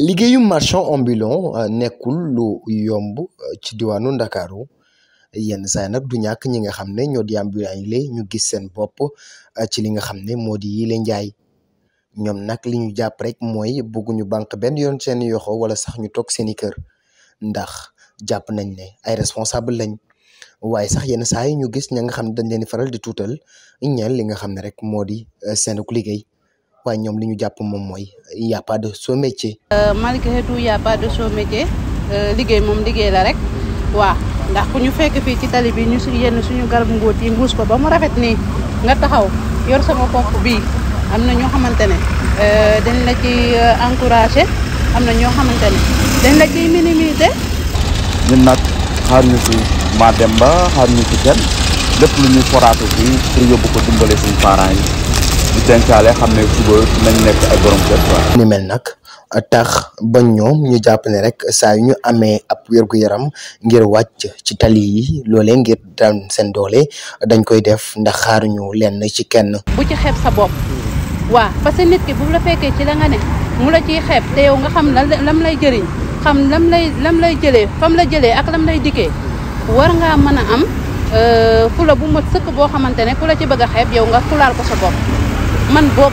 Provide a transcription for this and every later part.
liggéeyu marchand ambulant euh, nekkul lu yomb euh, ci diwaanu ndakaaru yenn saay nag du ñàkk ñi nga xam ne ñoo di ambulant yi lay ñu gis seen bopp euh, ci li nga xam ne moo di yile njaay ñoom nag li ñu jàpp rek mooy bëgguñu banque benn yoon seen yoxo wala sax ñu toog seeni kër ndax jàpp nañ ne ay responsable lañ waaye sax yenn saa yi ñu gis ña nga xam ne dañ leen di faral di tuutal ñeel li nga xam ne rek moo di seenuk liggéey waaye ñoom li ñu jàpp moom mooy y' a pas de sot métier. Euh, malgré tout y' de sot métier euh, liggéey moom liggéey la rek waaw ndax ku ñu fekk fii ci tali bi ñu si yenn suñu garab ngóot yi mbuus ko ba mu rafet nii nga taxaw yor sama kopp bii am na ñoo xamante ne euh, la ci encouragé am na ñoo xamante ne la ciy minimiser. ñun nag xaar ñu si maa dem ba xaar ñu si kenn lépp lu ñuy foraatu fii pour yóbbu ko dimbale suñu parents yi. di dencaale xam ne suba nañ nekk ay borom kër ni mel nag tax ba ñoom ñu jàpp ne rek saa ñu amee ab wér-gu-yaram ngir wàcc ci tali yi loolee ngir daan seen doole dañ koy def ndax xaaruñu lenn ci kenn bu ci xeeb sa bopp waa parce nit ki bu la fekkee ci la nga ne mu la ciy xeeb te yow nga xam lan lam lay jëriñ xam lam lay jëlee fam la jëlee ak lam lay dikkee war ngaa mën a am euh, fula bu mat sëkk boo xamante ne la ci bëgg a xeeb nga fulaal ko man boog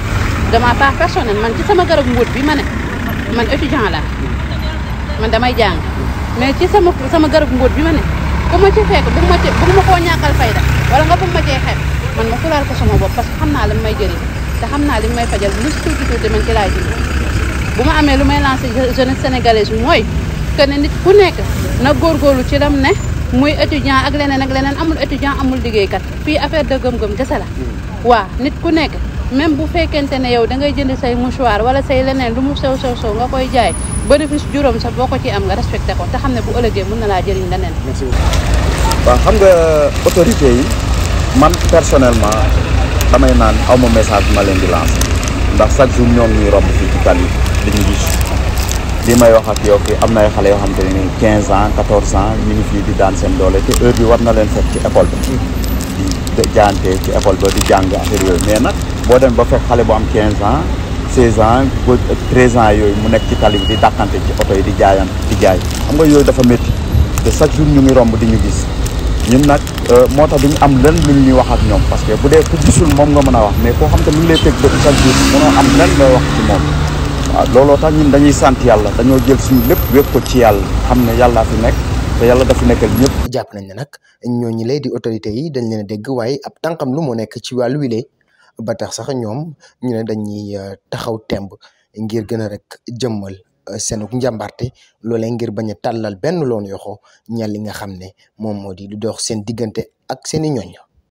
de ma part personnelle man ci sama garab mbóot bi ma ne man étudiant laa man damay jàng mais ci sama sama garab mbóot bi ma ne ku ma ci fekk bu ma ma koo ñàkkal fayda wala nga bëgg ma cee xeeb man ma fulaal ko sama parce que xam naa li may jëriñ te xam naa li may fajal lu si tuuti tuuti man ci laay ji bu ma amee lu may lancé jeunesse sénégalaise mooy que ne nit ku nekk na góor góorgóorlu ci lam ne muy étudiant ak leneen ak leneen amul étudiant amul liggéeykat fii affaire de gëm-gëm kese hmm. nit ku nekk même bu fekkente ne yow da ngay jënd say mouchoir wala say leneen lu mu sew sew sew nga koy jaay bénéfice juróom sax boo ko ci am nga respecté ko te xam ne bu ëllëgee mën na laa jëriñ leneen. merci beaucoup waaw xam nga autorité yi man personnellement damay naan aw ma message ma leen di lancé ndax chaque jour ñoom ñuy romb fii ci tali bi dañu gis li may wax ak yow am na ay xale yoo xam te ne 15 ans 14 ans ñu ngi fii di daan seen doole te heure bi war na leen fekk ci école bi. Mm. di jaante ci école di jàng affaire yooyu nag. boo dem ba fekk xale boo am 15 ans 16 ans ba 13 ans yooyu mu nekk ci tali bi di dàqante ci oto yi di jaayaan di jaay xam nga yooyu dafa métti te chaque jour ñu ngi romb di ñu gis ñun nag euh, moo tax duñu am lan lu ñuy wax ak ñoom parce que bu dee ku gisul mën a wax mais koo xam te mu ngi lay teg bët chaque jour mënoo wax ci moom waaw looloo tax ñu dañuy sant yàlla dañoo jël suñu lépp wékk ko ci yàlla xam ne yàllaa fi nekk te yàlla dafa nekkal ñëpp. jàpp nañ ne nag ñooñu lay di autorité yi dañ leen a dégg waaye ab tànkam lu mu nekk ci wàllu wile batax sax ñoom ñu ne dañuy euh, taxaw temb ngir gën a rek jëmmal euh, seenuk njàmbarte loole ngir bañ a tàllal benn loon yoxo ñal li nga xam ne moom moo di du dox seen diggante ak seen i ñoñ